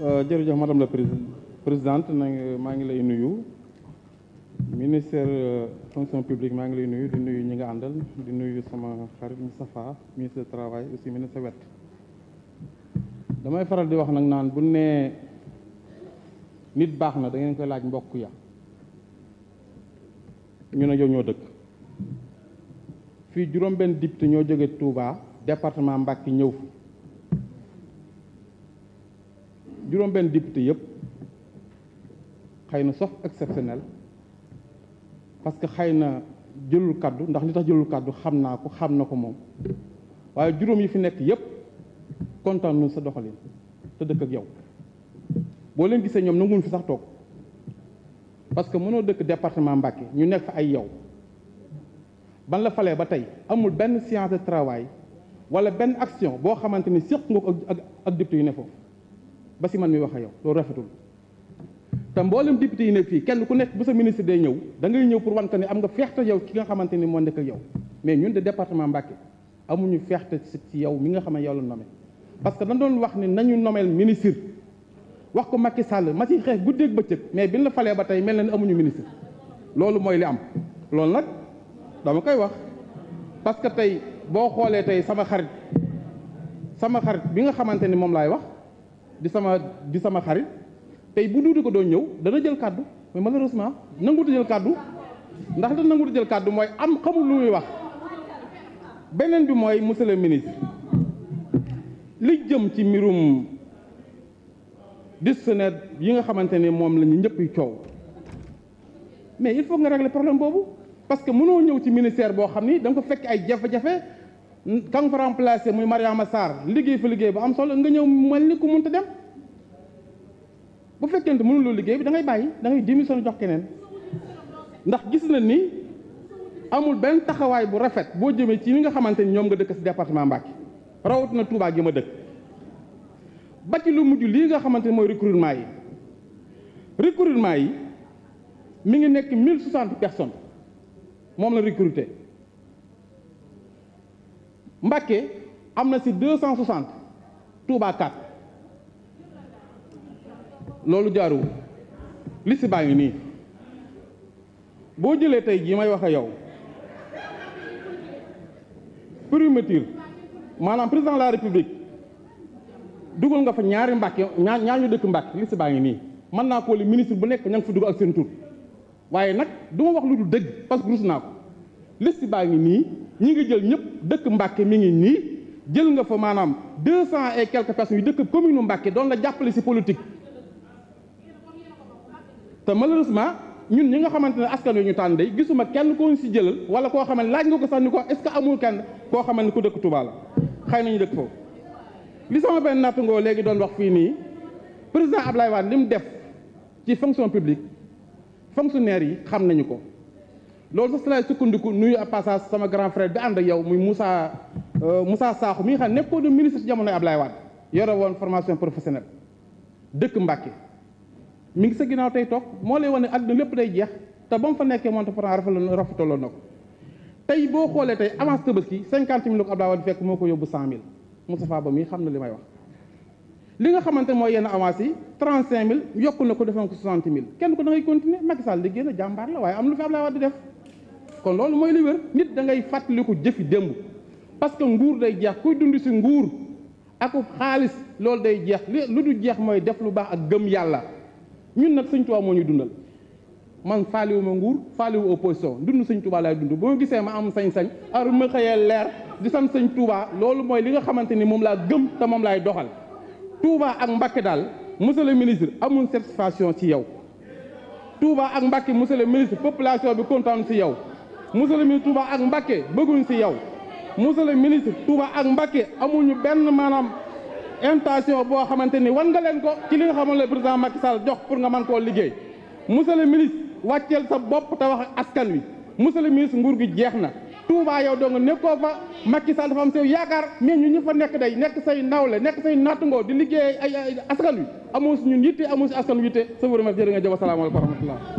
Euh, jërëjëf madame la présidente na maa ngi lay nuyu ministère euh, fonction publique maa ngi lay nuyu di nuyu ñi nga àndal di nuyu sama xarit Moustapha ministre du travail aussi ministre wet damay faral di wax nag naan bu nee nit baax na da ngeen koy laaj mbokk ya ñu ne yow ñoo dëkk fii juróom-benn député ñoo jóge Touba département Mbacké ñëw juróom-benn député yëpp xëy na sauf exceptionnel parce que xëy na jëlul kàddu ndax li tax jëlul kàddu xam naa ko xam na ko moom waaye juróom yi fi nekk yëpp kontaan nañu sa doxalin te dëkk ak yow boo leen gisee ñoom nanguñ fi sax toog parce que mënoo dëkk département Mbacké ñu nekk fa ay yow ban la falee ba tey amul benn séance de travail wala benn action boo xamante ni séq nga ko ak ak député yu ne ba si man mi wax a yow loolu rafetul te mboolem député yi nekk fii kenn ku nekk bu sa ministre day ñëw da ngay ñëw pour wan ni ne am nga feexte yow ki nga xamante ni moo nekk yow mais ñun de département Mbacké amuñu feexte ci yow mi nga xam ne yow la parce que dañ doon wax ne nañu nomel ministre wax ko Macky Sall ma ci xeex guddeeg bëccëg mais bi falee ba mel na ne amuñu loolu mooy li am loolu nag dama koy wax parce que tey boo xoolee tey sama xarit sama xarit bi nga xamante ni moom laay wax di sama di sama xarit tey bu duudi ko doon ñëw dana jël kàddu mais malheureusement nanguutu jël kàddu ndax da nanguutu jël kàddu mooy am xamul lu muy wax beneen bi mooy monsieur le ministre li jëm ci mbirum dictionnaire yi nga xamante ne moom la ñu ñëpp yu coow mais il faut nga régler problème boobu parce que mënoo ñëw ci ministère boo xam ni da nga ko fekk ay jafe-jafe ka nga fa remplacé muy Mariama Sarr liggéey fa liggéey bu am solo nga ñëw mel ni ku mënta dem bu fekkente mënuloo liggéey bi da ngay bàyyi da ngay démission jox keneen ndax gis na ni amul benn taxawaay bu rafet boo jëmee ci li nga xamante ni ñoom nga dëkk si département Mbacké rawatina Touba gi ma dëkk ba ci lu mujj lii nga xamante ni mooy recrutement yi recrutement yi mu ngi nekk mille soixante personnes moom la recruter Mbacké am na si deux cent soixante Touba loolu jaaru li si baa ngi nii boo jëlee tey jii may wax a yow primature maanaam président la république dugal nga fa ñaari Mbacké ñaar ñaar ñu dëkk Mbacké li baa ngi nii mën naa ko li ministre bu nekk ña nga fa ak seen tur waaye nag du ma wax lu du dëgg parce que naa ko liste baa ngi nii ñi ngi jël ñëpp dëkk Mbàkke mi ngi nii jël nga fa maanaam deux cent et quelques personnes yu dëkk commune Mbàkke doon la jàppale si politique te malheureusement ñun ñi nga xamante ne askan wi ñu tànn day gisuma kenn koo si jëlal wala koo xam ne laaj nga ko sax ni ko est-ce que amul kenn koo xam ne ko dëkk tubaal la xëy nañu dëkk foofu li sama benn nattangoo léegi doon wax fii nii président Ablaye Wade li mu def ci fonction publique fonctionnaire yi xam nañu ko loolu sax si laay sukkandiku nuyu à passage sama grand frère bi ànd ak yow muy Moussa euh, Moussa Sakho mi nga xam nekkoon na ministre ci jamonoy Ablaye Wade yore woon formation professionnelle dëkk Mbacke mi ngi sa ginnaaw tey toog moo lay wane àdduna lépp day jeex te ba mu fa nekkee moom pourtant rafetlu rafetaloon na ko tey boo xoolee tey avance Tabaski cinquante mille la ko Ablaye Wade fekk moo ko yóbbu cent mille Moustapha Ba mi xam na li may wax. li nga xamante mooy yenn avance yi na ko defoon ko soixante mille kenn waaye am lu fi Ablaye kon loolu mooy li wér nit da ngay fàttaliku jëfi démb parce que nguur day jeex kuy dund si nguur aku xaalis loolu day jeex li lu du jeex mooy def lu baax ak gëm yàlla ñun nag sëñ Tuubaa moo ñu dundal man faaliwu ma nguur faaliwu opposition dund sëñ Tuubaa laay dund boo gisee ma am sañ-sañ ar ma xëyee leer di sant sëñ Tuubaa loolu mooy li nga xamante ni moom laa gëm te moom laay doxal Touba ak Mbacké daal monsieur le ministre amul satisfaction ci yow Touba ak Mbacké monsieur le ministre population bi kontaan ci yow monsieur le ministre Touba ak Mbacké bëgguñ si yow monsieur le ministre Touba ak Mbacké amuñu benn maanaam intention boo xamante ni wan nga leen ko ci li nga xamal le président Macky Sall jox pour nga mën koo liggéey monsieur le ministre wàcceel sa bopp te wax askan wi monsieur le ministre nguur gi jeex na Touba yow doo nga nekkoo fa Macky Sall dafa am sew yaakaar mais ñu ñu nekk day nekk say nawle nekk say nattungoo di liggéey ay askan wi amoo si ñun yitte amoo si askan wi yitte sa wërëma jërë nga jëf asalaamaaleykum wa rahmatullah